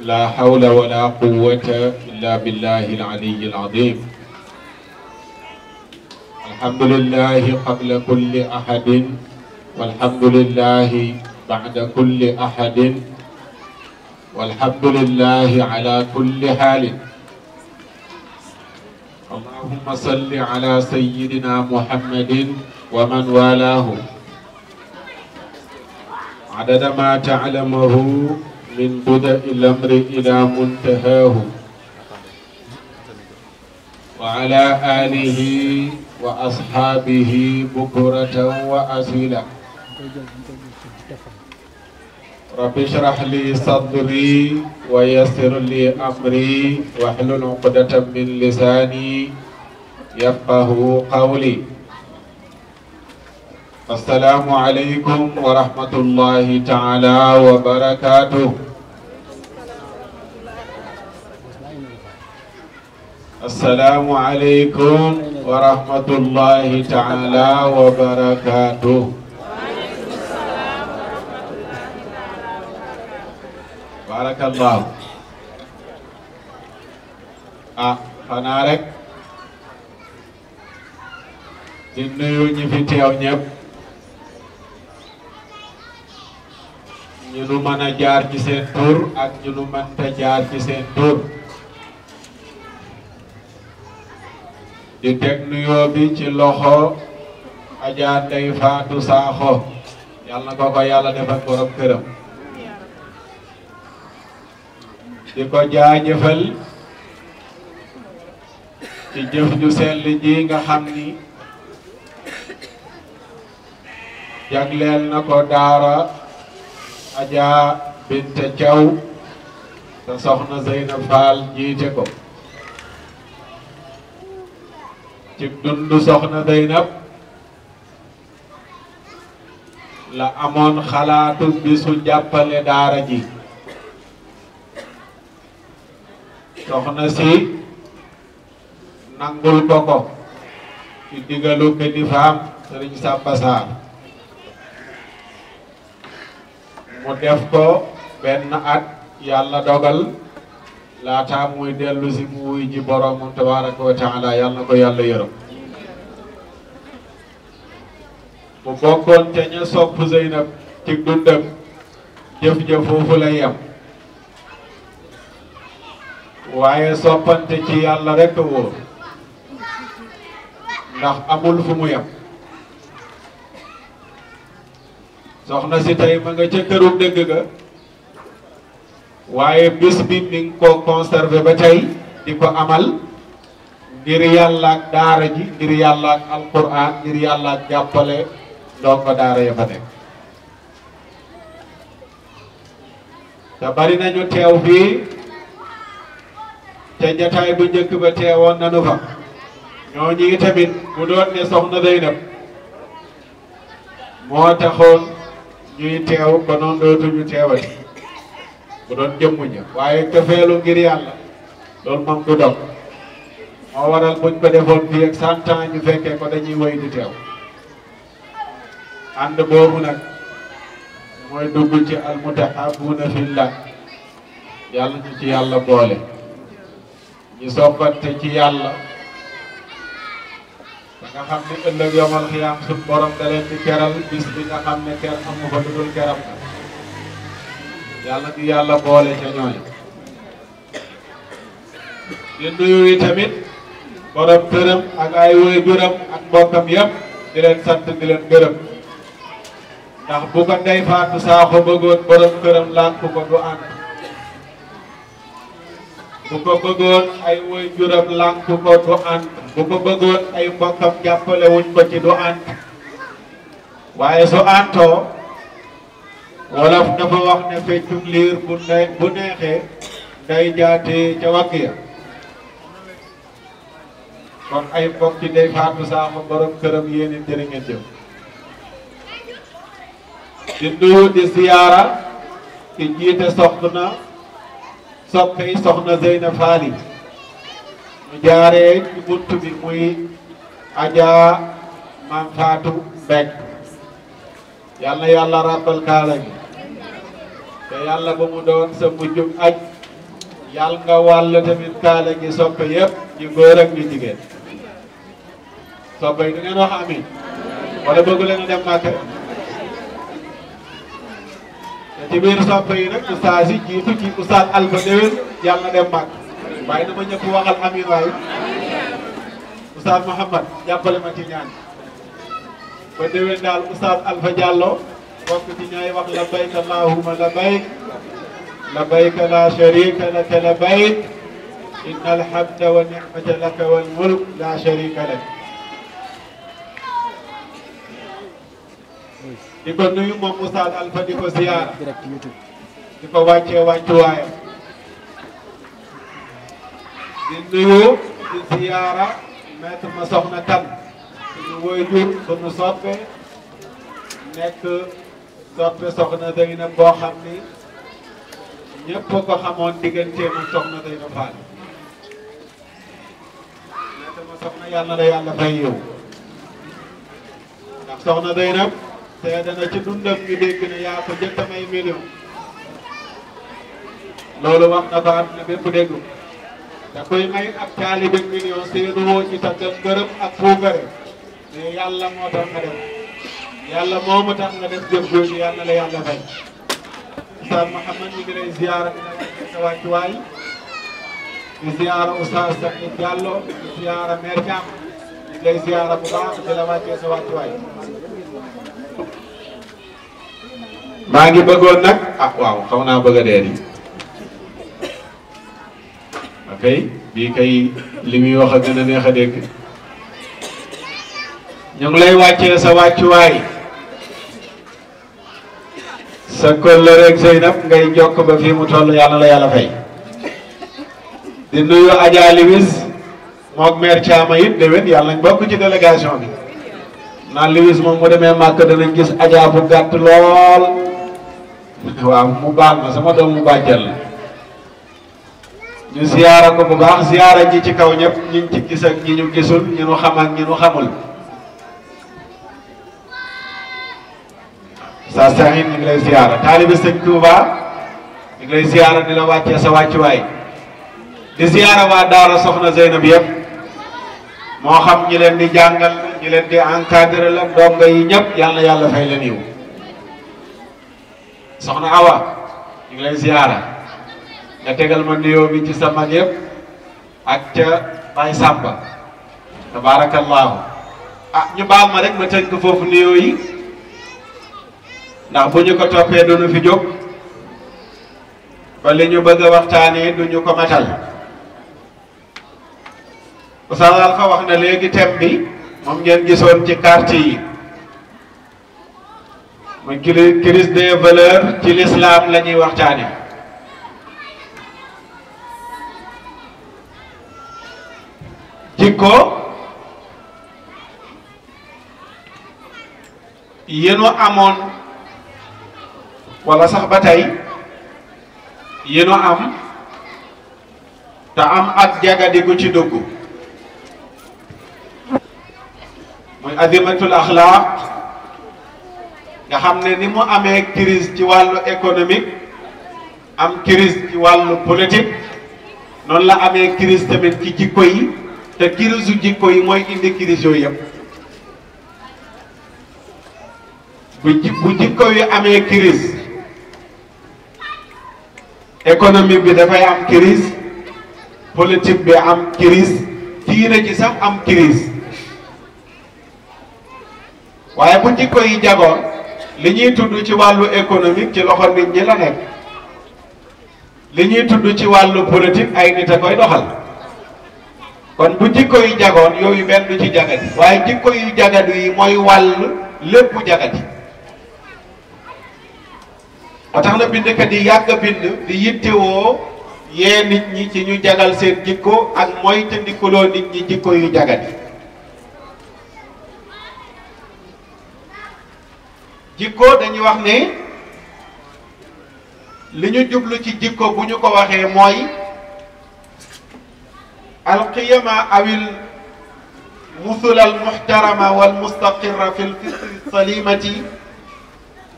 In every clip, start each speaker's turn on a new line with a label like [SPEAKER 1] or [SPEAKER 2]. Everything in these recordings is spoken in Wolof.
[SPEAKER 1] la hawla wala quwwata illa billahi al-aliyyi al-azim alhamdulillahi qabla kulli ahadin walhamdulillahi ba'da kulli ahadin walhamdulillahi ala kulli halin allahumma salli ala sayyidina muhammadin wa man walahu adada ma ta'lamuhu من بدأ الأمر إلى منتهاه وعلى آله وأصحابه بكرة وأسيلة رب اشرح لي صدري ويسر لي أمري واحلل عقدة من لساني يفقه قولي asalaamu aleykum wa rahmatullahi taala wa barakaatu. asalaamu aleykum wa rahmatullahi taala wa barakaatu. barakallahu ah xanaa rek di nuyu ñi fi teew ñëpp. ñu nu mën a jaar ci seen tur ak ñu nu mënta jaar ci seen tur di teg nuyoo bi ci loxo Adja Ndeye Fatou Sakho yàlla na ko ko yàlla defal borom këram di ko jaajëfal ci jëf ju sell ji nga xam ni jagleel na ko daara Adja Binta Thiaw te soxna na Fall jiite ko ci dundu soxna Zeynab la amoon xalaatu bisu jàppale daara ji soxna si nangul ko ko ci digalu kilifaam Sëriñ Samba Sarr mu def ko benn at yàlla dogal laata muy dellu si mu wuy ji boromam tabaraka taala yàlla na ko yàlla yërëm mu bokkoon te ña sopp Zeynab ci dundam jëf-jëf foofu lay yem waaye soppante ci yàlla rekk wóor ndax amul fu mu yem soxna si tey ma nga ca kërum dëgg ga waaye bis bi mi ngi ko conservé ba tey di ko amal ngir yàlla daara ji ngir yàlla ak alquran ngir yàlla ak jàppale ndongo daara ya fa nekk te bari nañu teew fii te jataay bu njëkk ba teewoon nanu fa ñooñu tamit bu doon ne soxna day dem moo taxoon ñuy teew ba noonu dootuñu teewati bu doon jëmmu ña waaye cofeelu ngir yàlla loolu moom du dog moo waral buñ ko defoon fii ak cent ans ñu fekkee ko dañuy woy di teew ànd boobu nag mooy dugg ci almutahabuna fillah yàlla ñu ci yàlla boole ñu soppante ci yàlla ba nga xam ne ëllëg yomal xiyaam suñu borom da keral bis bi nga xam ne ker amu fa dudul keram yàlla di yàlla boole ca ñooy nuyu yi tamit borom këram ak ay woy biram ak mbokkam yëpp di sant di leen gërëm ndax bu ko ndey faatu saako bëggoon borom këram lànk ko du ànd bu ko bëggoon ay woy juram lànk ko du ànd bu ko bëggoon ay mbokkam jàppale ko ci du ànd waaye su àntoo wolof dafa wax ne feccum liir bu neexee day jaate ca wàkk ya kon ay mbokk ci day faatu saama borom këram yéen it jërë ngeen jëf di siyaara ki jiite soxna soppey soxna Zeyna Faali mu jaaree ci bunt bi muy ajaa maam Faatu Mbeng yal na yàlla ràbbal kaala gi yàlla ba mu doon sa mujjum aj yàlla nga wàll tamit kaala soppe yëpp ñu góor ak ñu soppe yi du ngeen wax wala bëggu leen dem Màkka ci biir soppe yi nag oustaz yi jiitu ci oustaz Alba déwén yàlla na dem màgg waaye dama ñëpp waxal amin waay oustaz Mouhamad jàppale ma ci ñaan la sharika laka labayk inna alhamda wa nicmata la sharika lak di ko nuyu moom Moussa Alpha di ko ziyaara di ko wàccee wàccuwaayam di nuyu di ziyaara maître ma soxna tan suñu woyjur suñu soppe nekk soppe soxna day na boo xam ni ñëpp ko xamoon digganteem ak soxna day na faal maître ma soxna yàlla la yàlla fay yow ndax soxna day na seede na ci dundam ñu dégg ne yaa ko jëkk may million loolu wax na ko àdduna bépp déggu da koy may ak taalibe million séenuwoo ci sa dem gërëm ak fuugare mais yàlla moo tax nga def yàlla moomu tax nga def jëf jooju yàlla la yàlla fay Oustaz Mouhamed ñu ngi ziyaara bi na wàcce sa wàccuwaay di ziyaara Oustaz Saïd Diallo di ziyaara Mère ziyaara bu baax di la wàccee sa wàccuwaay maa ngi bëggoon nag ah waaw xaw naa bëgg a dee di ok bii kay li muy wax a gën a neex a dégg ñu ngi lay wàccee sa wàccuwaay sa kolle rek Zeynab ngay jokk ba fii mu toll yàlla la yàlla fay di nuyu Adja Liwis moog maire Thiama it déwén yàlla nañ bokk ci délégation bi naan Liwis moom mu demee màkk danañ gis Adja bu gàtt lool waaw mu baax ma sama doom mu bàjjal la ñu ziyaara ko bu baax ziyaara ñi ci kaw ñëpp ñi ci gis ak ñi ñu gisul ñi ñu xam xamul sa saxin ñu ngi lay ziyaara taalibe sëñ Touba ñu ngi lay ziyaara di la wàccee sa wàccuwaay di ziyaara waa daara soxna Zeynab yëpp moo xam ñi leen di jàngal ñi leen di encadrer la donga yi ñëpp yàlla yàlla fay leen yiw soxna Awa ñu ngi lay ziyaara nga tegal ma nuyoo bi ci sa mag yëpp ak ca Baye Samba tabaarakallaahu ah ñu baal ma rek ma tënk foofu nuyoo yi ndax bu ñu ko toppee du ñu fi jóg ba li ñu bëgg waxtaanee du ñu ko matal Oustaz Alpha wax na léegi thème bi moom ngeen gisoon ci quartier yi. muy crise des valeurs ci l'islam la ñuy waxtaane jikko yéenu amoon wala sax ba tey yéenu am te am ak jagadi gu ci dugg muy adimatul axlaaq nga xam ne ni mu amee crise ci wàllu économique am crise ci wàllu politique noonu la amee crise tamit ci jikko yi te crise su jikko yi mooy indi crise yooyu yëpp bu ji jikko yi amee crise économie bi dafay am crise politique bi am crise diine ji sax am crise waaye bu jikko yi jagoon li ñuy tudd ci wàllu économique ci loxo nit ñi la nekk li ñuy tudd ci wàllu politique ay nit a koy doxal kon bu jikko yu jagoon yooyu benn du ci jagati waaye jikko yu jagatu yi mooy wàll lépp jagati ba tax na bindkat yi yàgg a bind di yittewoo yee nit ñi ci ñu jagal seen jikko ak mooy tëndikuloo nit ñi jikko yu jagati jikko dañuy wax ne li ñu jublu ci jikko bu ñu ko waxee mooy alqiyama awil مثل المحترمة والمستقرة في الفطر السليمة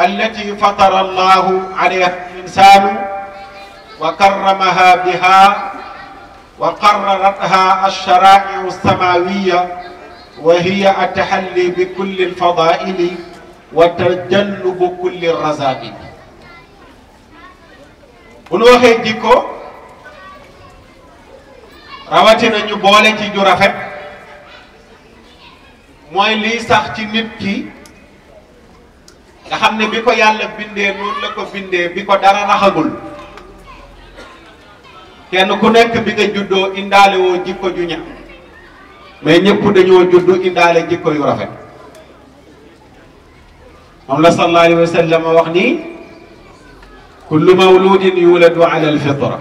[SPEAKER 1] التي فطر الله عليها الإنسان وكرمها بها وقررتها الشرائع السماوية وهي التحلي بكل الفضائل wa tajallubu kulli razaabi bu nu waxee jikko rawatina ñu boole ci ju rafet mooy liy sax ci nit ki nga xam ne bi ko yàlla bindee noonu la ko bindee bi ko dara raxagul kenn ku nekk bi nga juddoo indaale woo jikko ju ña mais ñëpp dañoo juddu indaale jikko yu rafet moom la sallallahu alayhi wa sallam wax ni kullu mawludin yuladu ala alfitra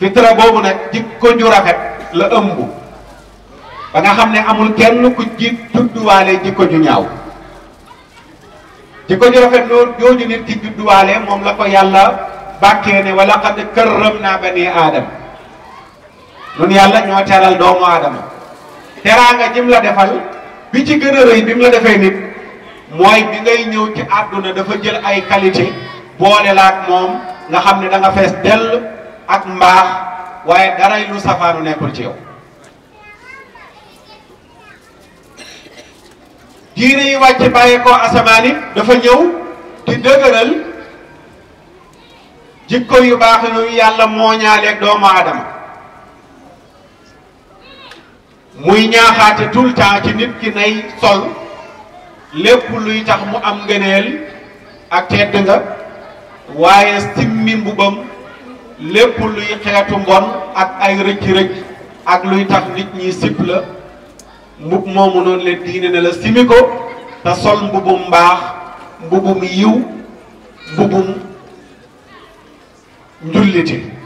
[SPEAKER 1] fitra boobu nag jikko ju rafet la ëmb ba nga xam ne amul kenn ku ji judduwaale jikko ju ñaaw jikko ju rafet loolu jooju nit ki judduwaale moom la ko yàlla bàkkee ne wa laqad karramna bani aadama nun yàlla ñoo teral doomu aadama teraanga jim la defal bi ci gën a rëy bi mu la defee nit mooy bi ngay ñëw ci àdduna dafa jël ay qualité boole la ak moom nga xam ne danga nga fees dell ak mbaax waaye daray lu safaanu nekkul ci yow. diine yi wàcc bàyyi ko asamaan it dafa ñëw di dëgëral jikko yu baax yu yàlla mooñaaleeg doomu aadama muy ñaaxaate tout le temps ci nit ki nay sol. lépp luy tax mu am ngëneel ak tedd nga waaye simmi mbubam lépp luy xeetu mbon ak ay rëcc-rëcc ak luy tax nit ñi sib la mbub moomu noonu leen diine ne la simi ko te sol mbubum mbaax mbubum yiw mbubum njulliti